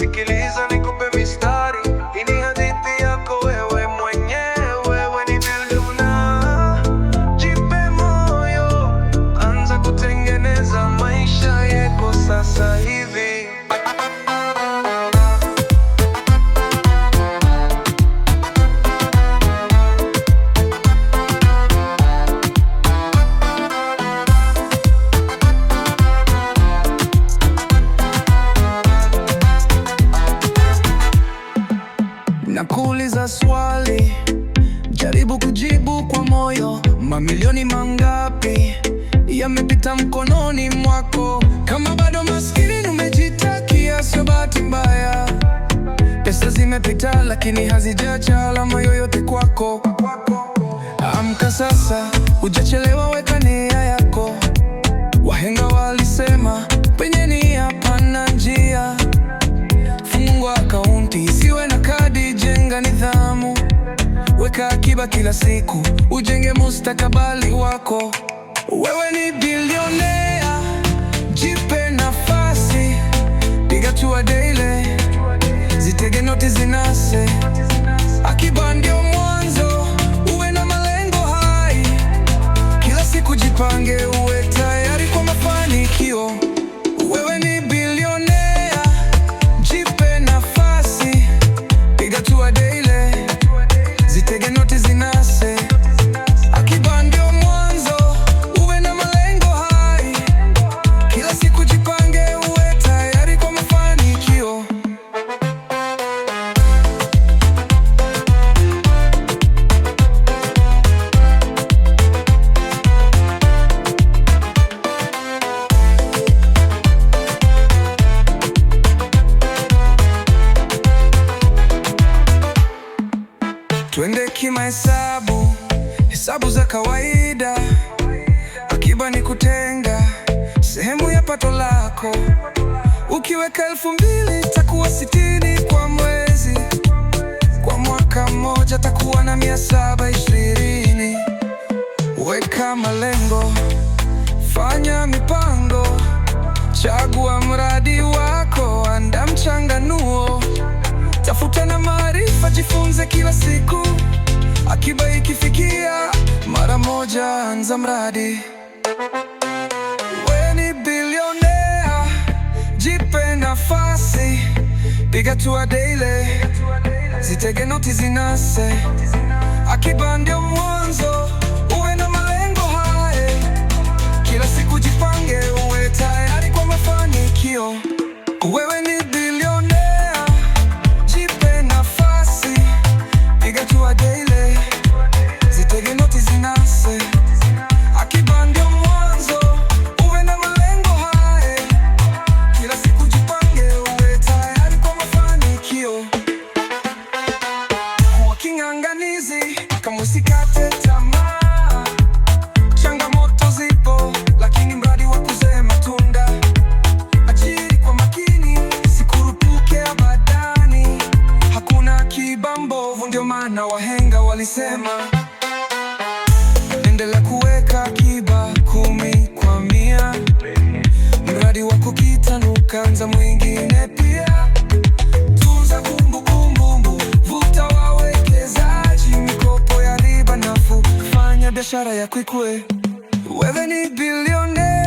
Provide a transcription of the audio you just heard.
Basically Jaribu kujibu kwa moyo, mamilioni mangapi yamepita mkononi mwako? Kama bado maskini umejitakia, sio bahati mbaya. Pesa zimepita lakini hazijacha alama yoyote kwako. Amka sasa, hujachelewa. Weka akiba kila siku, ujenge mustakabali wako. Wewe ni bilionea, jipe nafasi, piga hatua daily, zitege noti zinase Twende kimahesabu, hesabu za kawaida. Akiba ni kutenga sehemu ya pato lako. Ukiweka elfu mbili takuwa sitini kwa mwezi, kwa mwaka mmoja takuwa na mia saba ishirini. Weka malengo, fanya mipango, chagua mradi wako, anda mchanganuo, tafuta na maarifa, jifunze kila siku. Akiba ikifikia, mara moja anza mradi. We ni bilionea, jipe nafasi, piga hatua daily, zitege noti zinase. Akiba ndio mwanzo, uwe na malengo haye, kila siku jipange, uwe tayari kwa mafanikio. Wewe Sianganizi kama usikate tamaa, changamoto zipo, lakini mradi wa kuzaa matunda. Ajiri kwa makini, sikurupuke abadani, hakuna akiba mbovu, ndio maana wahenga walisema endelea kuweka akiba kumi kwa mia, mradi wa kukitanuka anza mwingine biashara ya kwikwe, wewe ni bilionea